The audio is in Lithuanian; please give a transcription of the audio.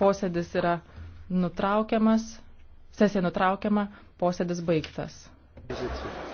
posėdis yra nutraukiamas, sesija nutraukiama, posėdis baigtas. Pozicija.